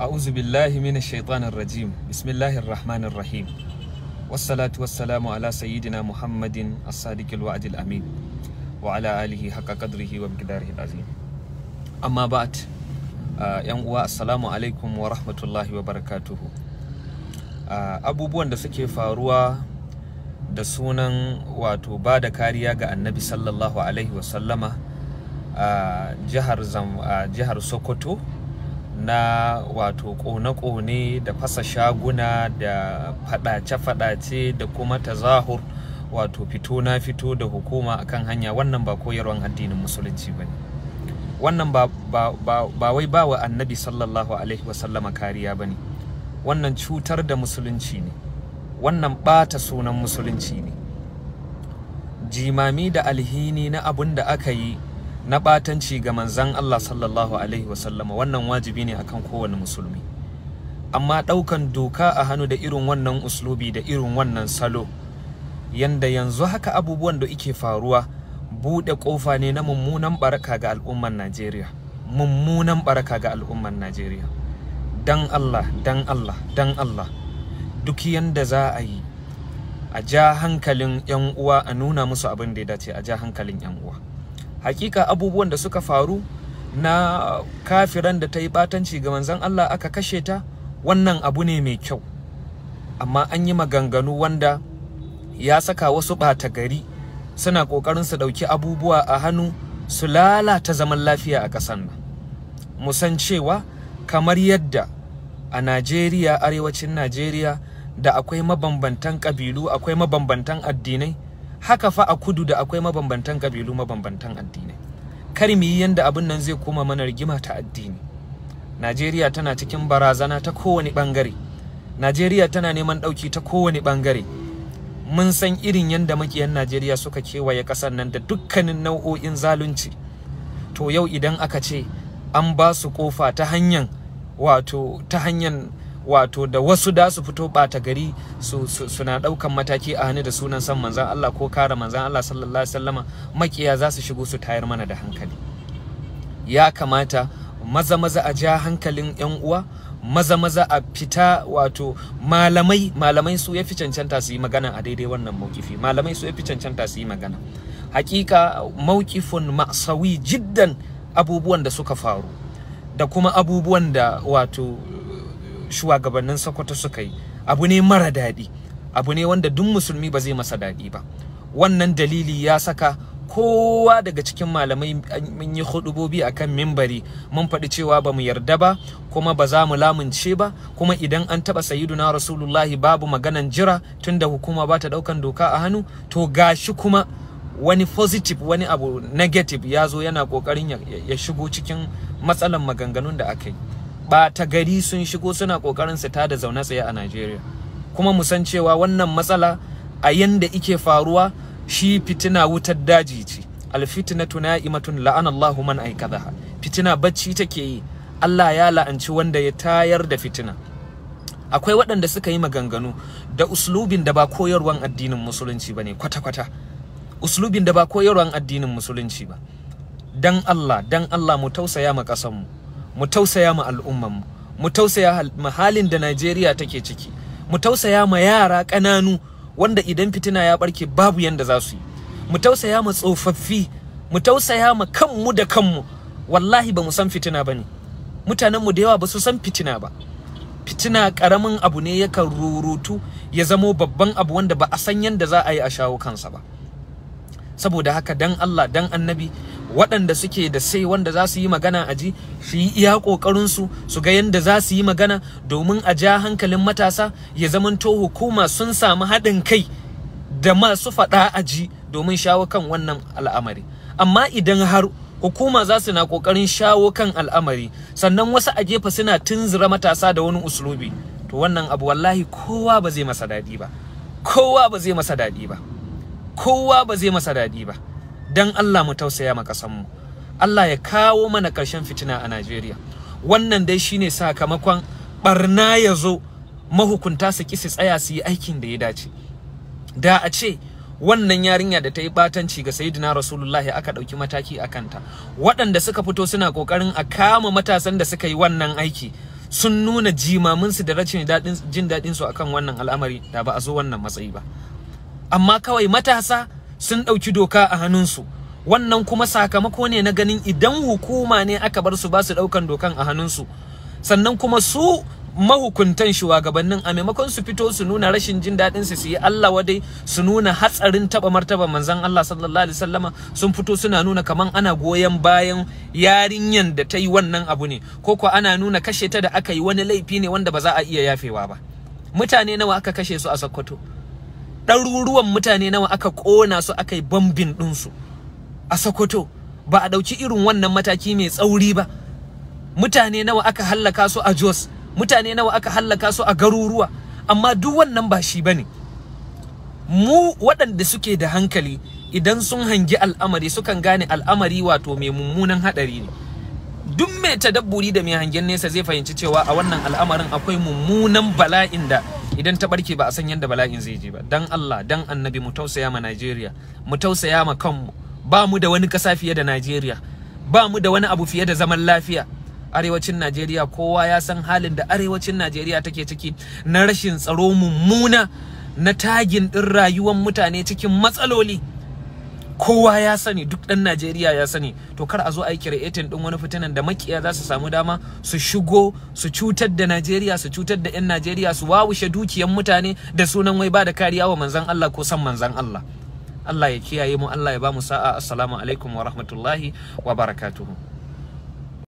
A'uzubillahi billahi mina shaitanar rajim bismillahir rahmanir rahim wassalatu wassalamu ala sayidina muhammadin as-sadiqil amin wa ala alihi haqqa qadrihi wa biqadrihi azim amma ba'd uh, yan uwa assalamu alaikum wa rahmatullahi wa barakatuh uh, abubuwan da suke faruwa da sunan wato bada kariya ga annabi sallallahu alaihi wa sallama uh, jihar jihar sokoto na wato kone-kone da fasa shaguna da faɗace-faɗace, da kuma tazahur wato fito na fito da hukuma akan hanya wannan ba koyarwan addinin musulunci ba wannan ba, wai ba wa annabi sallallahu alaihi wasallama kariya ba ne wannan cutar da musulunci ne wannan ɓata sunan musulunci ne jimami da alhini na abun da aka yi na ɓatanci ga manzan Allah sallallahu alaihi wasallama wannan wajibi ne akan kowane musulmi amma ɗaukan doka a hannu da irin wannan uslubi da irin wannan salo yanda yanzu haka abubuwan da ike faruwa buɗe ƙofa ne na mummunan baraka ga al'umman Najeriya mummunan baraka ga al'umman Najeriya dan Allah dan Allah dan Allah duk yanda za a yi a ja hankalin 'yan uwa a nuna musu abin da ya dace a ja hankalin 'yan uwa hakika abubuwan da suka faru na kafiran da ta yi batanci ga manzon Allah aka kashe ta wannan abu ne mai kyau amma an yi maganganu wanda ya saka wasu ɓata gari suna ƙoƙarin su ɗauki abubuwa a hannu su lalata zaman lafiya a ƙasar nan musan cewa kamar yadda a Najeriya arewacin Najeriya da akwai mabambantan ƙabilu akwai mabambantan addinai haka fa a kudu da akwai mabambantan kabilu mabambantan addini, kar mu yi yanda abin nan zai koma mana rigima ta addini Najeriya tana cikin barazana ta kowane bangare Najeriya tana neman ɗauki ta kowane bangare mun san irin yanda makiyan Najeriya suka kewaye ƙasar nan da dukkanin nau'o'in zalunci to yau idan aka ce an ba su kofa ta hanyar wato ta hanyar wato da wasu da su fito ɓata gari suna ɗaukan mataki a hannu da sunan san manzan Allah ko kare manzan Allah sallallahu alaihi wasallama makiya za su shigo su tayar mana da hankali ya kamata maza maza a ja hankalin yan uwa maza maza a fita wato malamai malamai su ya fi cancanta su yi magana a daidai wannan maukifi malamai su ya fi cancanta su yi magana hakika maukifin masawi jiddan abubuwan da suka faru da kuma abubuwan da wato shugabannin Sokoto suka yi abu ne mara daɗi abu ne wanda duk musulmi ba zai masa daɗi ba wannan dalili ya saka kowa daga cikin malamai mun yi hudubobi a kan mimbari mun faɗi cewa ba mu yarda ba kuma ba za mu lamunce ba kuma idan an taɓa sayiduna rasulullahi babu maganan jira tunda hukuma ba ta ɗaukan doka a hannu to gashi kuma wani positive wani abu negative ya zo yana ƙoƙarin ya shigo cikin matsalan maganganun da aka yi ɓata gari sun shigo suna ƙoƙarin su tada zaune tsaye a Najeriya kuma musan cewa wannan matsala a yanda ike faruwa shi fitina wutar daji ce alfitnatu na'imatun la'anallahu man aikadaha fitina bacci take yi Allah ya la'anci wanda ya tayar da fitina akwai waɗanda suka yi maganganu da uslubin da ba koyarwan addinin musulunci ba ne kwata-kwata uslubin da ba koyarwan addinin musulunci ba dan Allah dan Allah mu tausaya ma ƙasanmu mu tausaya ma al'ummar mu mu tausaya ma halin da Najeriya take ciki mu tausaya ma yara ƙananu wanda idan fitina ya barke babu yanda za su yi mu tausaya ma tsofaffi mu tausaya ma kanmu da kanmu wallahi ba mu san fitina ba ne mutanenmu da yawa ba su san fitina ba fitina ƙaramin abu ne yakan rurutu ya zamo babban abu wanda ba a san yanda za a yi a shawo kansa ba saboda haka dan Allah dan annabi waɗanda suke da sai wanda za su yi magana a ji su yi iya ƙoƙarinsu su ga yadda za su yi magana domin a ja hankalin matasa ya zamanto hukuma sun samu haɗin kai da masu faɗa a ji domin shawo kan wannan al'amari amma idan har hukuma za su na ƙoƙarin shawo kan al'amari sannan wasu a gefe suna tunzura matasa da wani uslubi to wannan abu wallahi kowa ba zai masa daɗi ba kowa ba zai masa daɗi ba kowa ba zai masa daɗi ba dan Allah mu tausaya ma san mu Allah ya kawo mana karshen fitina a Najeriya wannan dai shine sakamakon barna ya zo mahukunta su kisi tsaya su yi aikin da ya dace da a ce wannan yarinya da ta yi batanci ga sayyidina rasulullahi aka ɗauki mataki a kanta waɗanda suka fito suna ƙoƙarin a kama matasan da suka yi wannan aiki sun nuna jimaminsu da rashin jin daɗinsu akan wannan al'amari da ba a zo wannan matsayi ba amma kawai matasa sun ɗauki doka a hannunsu wannan kuma sakamako ne na ganin idan hukuma ne aka bar su ba su ɗaukan dokan a hannunsu sannan kuma su mahukuntan shugabannin a maimakon su fito su nuna rashin jin daɗin su yi Allah wadai su nuna hatsarin taba martaba manzon Allah sallallahu alaihi wasallama sun fito suna nuna kaman ana goyon bayan yarinyan da ta yi wannan abu ne ko ko ana nuna kashe ta da aka yi wani laifi ne wanda ba za a iya yafewa ba mutane nawa aka kashe su a Sokoto ɗaruruwan mutane nawa aka ƙona su aka yi bambin ɗinsu a sokoto ba a ɗauki irin wannan mataki mai tsauri ba mutane nawa aka hallaka su a jos mutane nawa aka hallaka su a garuruwa amma duk wannan ba shi ba ne mu waɗanda suke da hankali idan sun hangi al'amari sukan gane al'amari wato mai mummunan haɗari ne duk mai tadabburi da mai hangen nesa zai fahimci cewa a wannan al'amarin akwai mummunan bala'in da idan ta barke ba a san yadda bala'in zai je ba dan Allah dan annabi mu tausaya ma Najeriya mu tausaya ma kanmu ba mu da wani kasa fiye da Najeriya ba mu da wani abu fiye da zaman lafiya arewacin Najeriya kowa ya san halin da arewacin Najeriya take ciki na rashin tsaro mummuna na tagin din rayuwar mutane cikin matsaloli kowa ya sani duk ɗan Najeriya ya sani to kar a zo a yi din ɗin wani fitinan da makiya za su samu dama su shigo su cutar da Najeriya su cutar da 'yan Najeriya su wawushe dukiyar mutane da sunan wai ba da kariya wa Manzon Allah ko san Manzon Allah Allah ya kiyaye mu Allah ya ba mu sa'a assalamu alaikum wa rahmatullahi wa barakatuhu